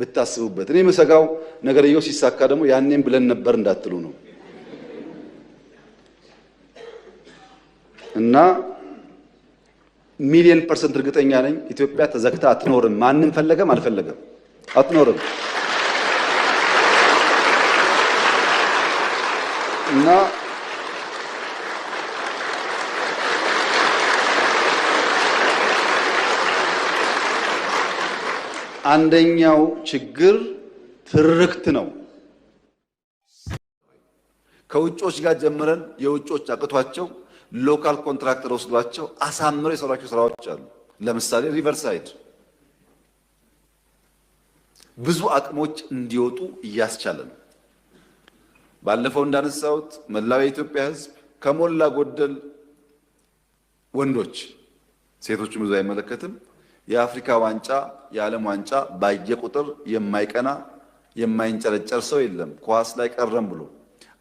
ብታስቡበት። እኔ የምሰጋው ነገርየው ሲሳካ ደግሞ ያኔም ብለን ነበር እንዳትሉ ነው እና ሚሊየን ፐርሰንት እርግጠኛ ነኝ ኢትዮጵያ ተዘግታ አትኖርም። ማንም ፈለገም አልፈለገም አትኖርም። እና አንደኛው ችግር ትርክት ነው። ከውጮች ጋር ጀምረን የውጮች አቅቷቸው ሎካል ኮንትራክተር ወስዷቸው አሳምረው የሰሯቸው ስራዎች አሉ። ለምሳሌ ሪቨርሳይድ ብዙ አቅሞች እንዲወጡ እያስቻለ ነው። ባለፈው እንዳነሳሁት መላው የኢትዮጵያ ሕዝብ ከሞላ ጎደል ወንዶች፣ ሴቶችን ብዙ አይመለከትም የአፍሪካ ዋንጫ የዓለም ዋንጫ ባየ ቁጥር የማይቀና የማይንጨረጨር ሰው የለም። ኳስ ላይ ቀረም ብሎ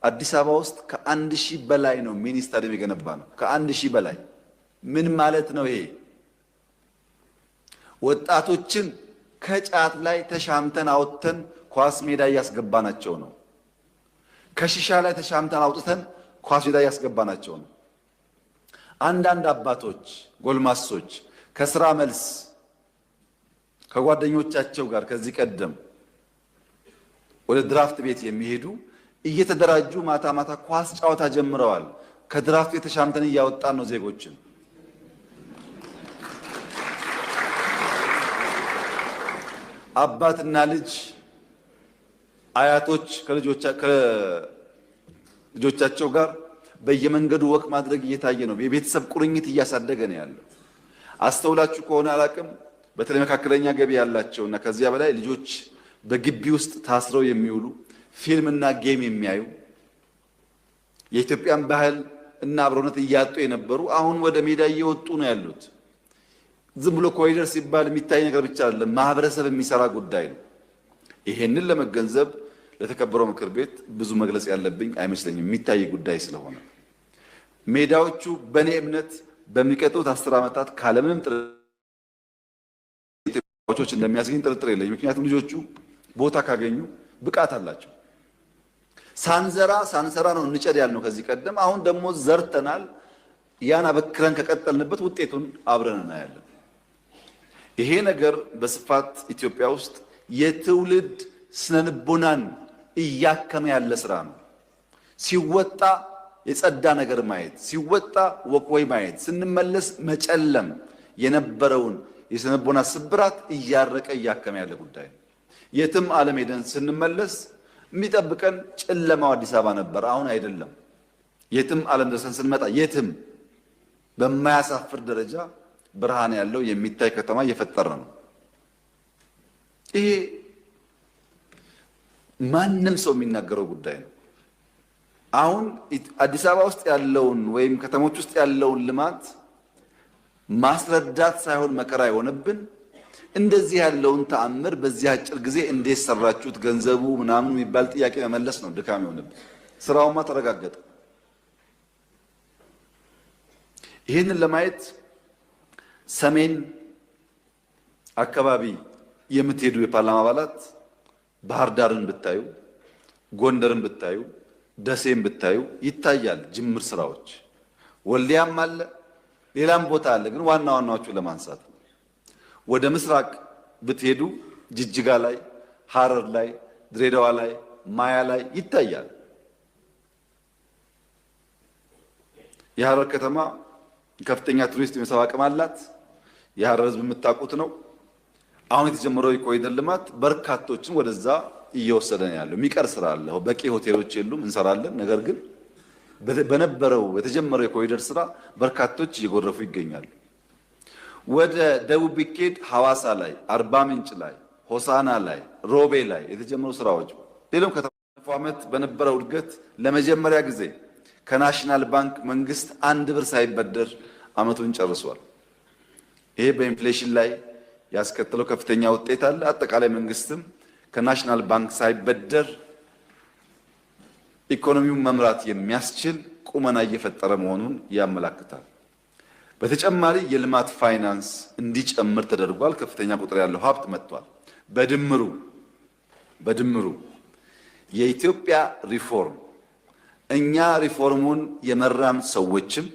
አዲስ አበባ ውስጥ ከአንድ ሺህ በላይ ነው ሚኒ ስታዲየም የገነባ ነው። ከአንድ ሺህ በላይ ምን ማለት ነው? ይሄ ወጣቶችን ከጫት ላይ ተሻምተን አውጥተን ኳስ ሜዳ እያስገባናቸው ነው። ከሺሻ ላይ ተሻምተን አውጥተን ኳስ ሜዳ እያስገባናቸው ነው። አንዳንድ አባቶች፣ ጎልማሶች ከስራ መልስ ከጓደኞቻቸው ጋር ከዚህ ቀደም ወደ ድራፍት ቤት የሚሄዱ እየተደራጁ ማታ ማታ ኳስ ጨዋታ ጀምረዋል። ከድራፍት ቤት ተሻምተን እያወጣን ነው ዜጎችን። አባትና ልጅ፣ አያቶች ከልጆቻቸው ጋር በየመንገዱ ወቅ ማድረግ እየታየ ነው። የቤተሰብ ቁርኝት እያሳደገ ነው ያለው። አስተውላችሁ ከሆነ አላቅም በተለይ መካከለኛ ገቢ ያላቸውና ከዚያ በላይ ልጆች በግቢ ውስጥ ታስረው የሚውሉ ፊልምና ጌም የሚያዩ የኢትዮጵያን ባህል እና አብሮነት እያጡ የነበሩ አሁን ወደ ሜዳ እየወጡ ነው ያሉት። ዝም ብሎ ኮሪደር ሲባል የሚታይ ነገር ብቻ አይደለም፣ ማህበረሰብ የሚሰራ ጉዳይ ነው። ይሄንን ለመገንዘብ ለተከበረው ምክር ቤት ብዙ መግለጽ ያለብኝ አይመስለኝም፣ የሚታይ ጉዳይ ስለሆነ ሜዳዎቹ በእኔ እምነት በሚቀጥሉት አስር ዓመታት ካለምንም ዎች እንደሚያስገኝ ጥርጥር የለኝ። ምክንያቱም ልጆቹ ቦታ ካገኙ ብቃት አላቸው። ሳንዘራ ሳንሰራ ነው እንጨድ ያልነው ከዚህ ቀደም። አሁን ደግሞ ዘርተናል። ያን አበክረን ከቀጠልንበት ውጤቱን አብረን እናያለን። ይሄ ነገር በስፋት ኢትዮጵያ ውስጥ የትውልድ ስነልቦናን እያከመ ያለ ስራ ነው። ሲወጣ የጸዳ ነገር ማየት፣ ሲወጣ ወክወይ ማየት፣ ስንመለስ መጨለም የነበረውን የስነቦና ስብራት እያረቀ እያከመ ያለ ጉዳይ ነው። የትም ዓለም ሄደን ስንመለስ የሚጠብቀን ጨለማው አዲስ አበባ ነበር፣ አሁን አይደለም። የትም ዓለም ደርሰን ስንመጣ የትም በማያሳፍር ደረጃ ብርሃን ያለው የሚታይ ከተማ እየፈጠረ ነው። ይሄ ማንም ሰው የሚናገረው ጉዳይ ነው። አሁን አዲስ አበባ ውስጥ ያለውን ወይም ከተሞች ውስጥ ያለውን ልማት ማስረዳት ሳይሆን መከራ የሆነብን እንደዚህ ያለውን ተአምር በዚህ አጭር ጊዜ እንዴት ሰራችሁት ገንዘቡ ምናምኑ የሚባል ጥያቄ መመለስ ነው ድካም የሆነብን። ስራውማ ተረጋገጠ። ይህንን ለማየት ሰሜን አካባቢ የምትሄዱ የፓርላማ አባላት ባህር ዳርን ብታዩ፣ ጎንደርን ብታዩ፣ ደሴን ብታዩ ይታያል። ጅምር ስራዎች ወልዲያም አለ። ሌላም ቦታ አለ፣ ግን ዋና ዋናዎቹ ለማንሳት ወደ ምስራቅ ብትሄዱ ጅጅጋ ላይ፣ ሐረር ላይ፣ ድሬዳዋ ላይ፣ ማያ ላይ ይታያል። የሐረር ከተማ ከፍተኛ ቱሪስት የመሳብ አቅም አላት። የሐረር ህዝብ የምታውቁት ነው። አሁን የተጀመረው የኮሪደር ልማት በርካቶችን ወደዛ እየወሰደ ነው ያለው። የሚቀር ስራ አለ። በቂ ሆቴሎች የሉም፣ እንሰራለን። ነገር ግን በነበረው የተጀመረው የኮሪደር ስራ በርካቶች እየጎረፉ ይገኛሉ። ወደ ደቡብ ቢኬድ ሐዋሳ ላይ፣ አርባ ምንጭ ላይ፣ ሆሳና ላይ፣ ሮቤ ላይ የተጀመሩ ስራዎች ሌሎም ከተፋለፈው ዓመት በነበረው እድገት ለመጀመሪያ ጊዜ ከናሽናል ባንክ መንግስት አንድ ብር ሳይበደር አመቱን ጨርሷል። ይሄ በኢንፍሌሽን ላይ ያስከተለው ከፍተኛ ውጤት አለ። አጠቃላይ መንግስትም ከናሽናል ባንክ ሳይበደር ኢኮኖሚውን መምራት የሚያስችል ቁመና እየፈጠረ መሆኑን ያመላክታል። በተጨማሪ የልማት ፋይናንስ እንዲጨምር ተደርጓል። ከፍተኛ ቁጥር ያለው ሀብት መጥቷል። በድምሩ በድምሩ የኢትዮጵያ ሪፎርም እኛ ሪፎርሙን የመራን ሰዎችም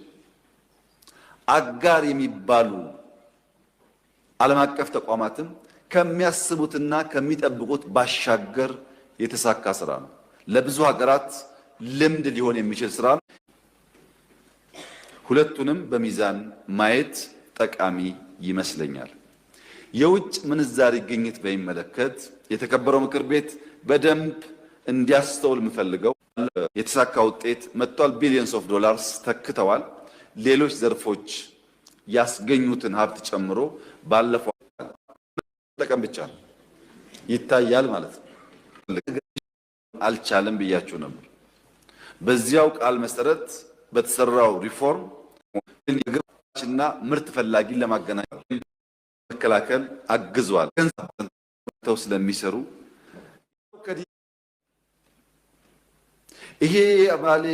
አጋር የሚባሉ ዓለም አቀፍ ተቋማትም ከሚያስቡትና ከሚጠብቁት ባሻገር የተሳካ ስራ ነው። ለብዙ ሀገራት ልምድ ሊሆን የሚችል ስራ ሁለቱንም በሚዛን ማየት ጠቃሚ ይመስለኛል። የውጭ ምንዛሪ ግኝት በሚመለከት የተከበረው ምክር ቤት በደንብ እንዲያስተውል የምፈልገው የተሳካ ውጤት መጥቷል። ቢሊዮንስ ኦፍ ዶላርስ ተክተዋል። ሌሎች ዘርፎች ያስገኙትን ሀብት ጨምሮ ባለፈው ጠቀም ብቻ ይታያል ማለት ነው። አልቻለም ብያችሁ ነበር። በዚያው ቃል መሰረት በተሰራው ሪፎርም ግብርና ምርት ፈላጊን ለማገናኘት መከላከል አግዟል። ገንዘብ ስለሚሰሩ ይሄ የባሌ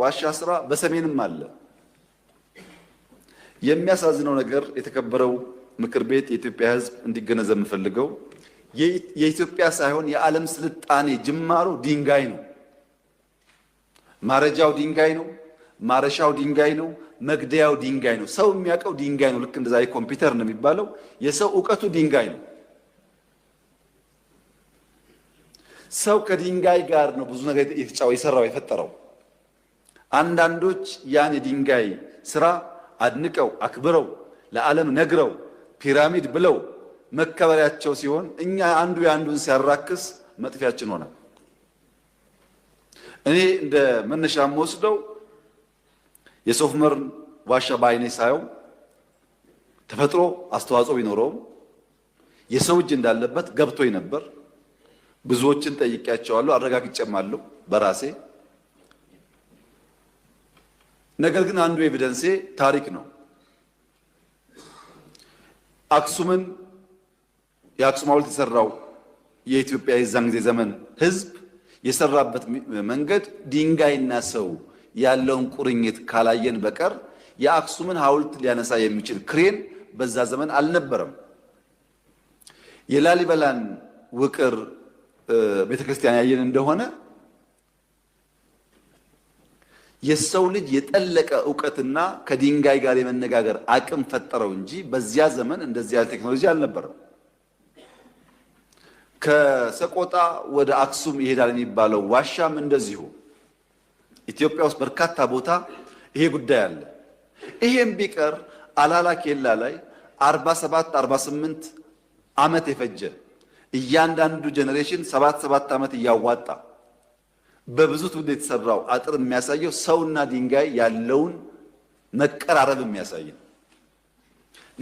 ዋሻ ስራ በሰሜንም አለ። የሚያሳዝነው ነገር የተከበረው ምክር ቤት የኢትዮጵያ ሕዝብ እንዲገነዘብ የምፈልገው የኢትዮጵያ ሳይሆን የዓለም ስልጣኔ ጅማሮ ድንጋይ ነው። ማረጃው ድንጋይ ነው። ማረሻው ድንጋይ ነው። መግደያው ድንጋይ ነው። ሰው የሚያውቀው ድንጋይ ነው። ልክ እንደዛ የኮምፒውተር ነው የሚባለው የሰው እውቀቱ ድንጋይ ነው። ሰው ከድንጋይ ጋር ነው ብዙ ነገር የተጫወ የሰራው የፈጠረው። አንዳንዶች ያን የድንጋይ ስራ አድንቀው አክብረው ለዓለም ነግረው ፒራሚድ ብለው መከበሪያቸው ሲሆን እኛ አንዱ የአንዱን ሲያራክስ መጥፊያችን ሆነ። እኔ እንደ መነሻ የምወስደው የሶፍ ዑመርን ዋሻ በዓይኔ ሳየው ተፈጥሮ አስተዋጽኦ ቢኖረውም የሰው እጅ እንዳለበት ገብቶኝ ነበር። ብዙዎችን ጠይቄያቸዋለሁ፣ አረጋግጬማለሁ በራሴ ነገር ግን አንዱ ኤቪደንሴ ታሪክ ነው። አክሱምን የአክሱም ሐውልት የሰራው የኢትዮጵያ የዛን ጊዜ ዘመን ህዝብ የሰራበት መንገድ ድንጋይና ሰው ያለውን ቁርኝት ካላየን በቀር የአክሱምን ሐውልት ሊያነሳ የሚችል ክሬን በዛ ዘመን አልነበረም። የላሊበላን ውቅር ቤተክርስቲያን ያየን እንደሆነ የሰው ልጅ የጠለቀ እውቀትና ከድንጋይ ጋር የመነጋገር አቅም ፈጠረው እንጂ በዚያ ዘመን እንደዚህ ያለ ቴክኖሎጂ አልነበረም። ከሰቆጣ ወደ አክሱም ይሄዳል የሚባለው ዋሻም እንደዚሁ ኢትዮጵያ ውስጥ በርካታ ቦታ ይሄ ጉዳይ አለ። ይሄም ቢቀር አላላ ኬላ ላይ 47 48 ዓመት የፈጀ እያንዳንዱ ጀኔሬሽን 7 ሰባት ዓመት እያዋጣ በብዙ ትውልድ የተሰራው አጥር የሚያሳየው ሰውና ድንጋይ ያለውን መቀራረብ የሚያሳይ ነው።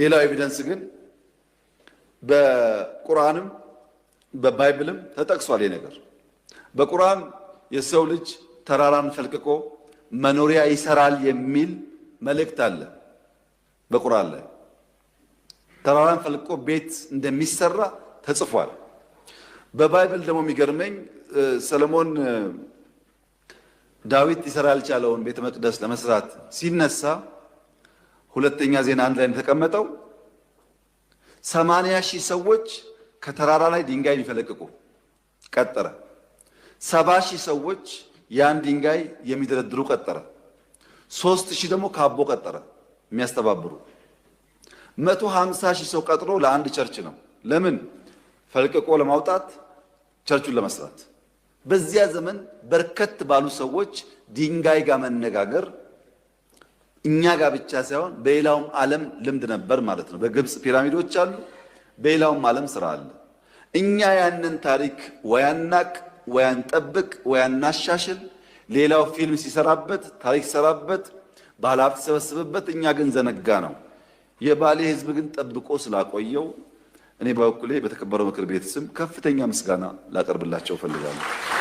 ሌላው ኤቪደንስ ግን በቁርአንም በባይብልም ተጠቅሷል። ይህ ነገር በቁርአን የሰው ልጅ ተራራን ፈልቅቆ መኖሪያ ይሰራል የሚል መልእክት አለ። በቁርአን ላይ ተራራን ፈልቅቆ ቤት እንደሚሰራ ተጽፏል። በባይብል ደግሞ የሚገርመኝ ሰለሞን ዳዊት ይሰራል ያልቻለውን ቤተ መቅደስ ለመስራት ሲነሳ ሁለተኛ ዜና አንድ ላይ ተቀመጠው ሰማንያ ሺህ ሰዎች ከተራራ ላይ ድንጋይ ሊፈለቅቁ ቀጠረ። ሰባ ሺህ ሰዎች ያን ድንጋይ የሚደረድሩ ቀጠረ። ሶስት ሺህ ደግሞ ካቦ ቀጠረ የሚያስተባብሩ። መቶ ሀምሳ ሺህ ሰው ቀጥሮ ለአንድ ቸርች ነው። ለምን ፈልቅቆ ለማውጣት ቸርቹን ለመስራት። በዚያ ዘመን በርከት ባሉ ሰዎች ድንጋይ ጋር መነጋገር እኛ ጋር ብቻ ሳይሆን በሌላውም ዓለም ልምድ ነበር ማለት ነው። በግብፅ ፒራሚዶች አሉ። በሌላውም ዓለም ስራ አለ። እኛ ያንን ታሪክ ወያናቅ ወያንጠብቅ ወያናሻሽል፣ ሌላው ፊልም ሲሰራበት ታሪክ ሲሰራበት ባለሀብት ሲሰበስብበት፣ እኛ ግን ዘነጋ ነው። የባሌ ህዝብ ግን ጠብቆ ስላቆየው እኔ በበኩሌ በተከበረው ምክር ቤት ስም ከፍተኛ ምስጋና ላቀርብላቸው እፈልጋለሁ።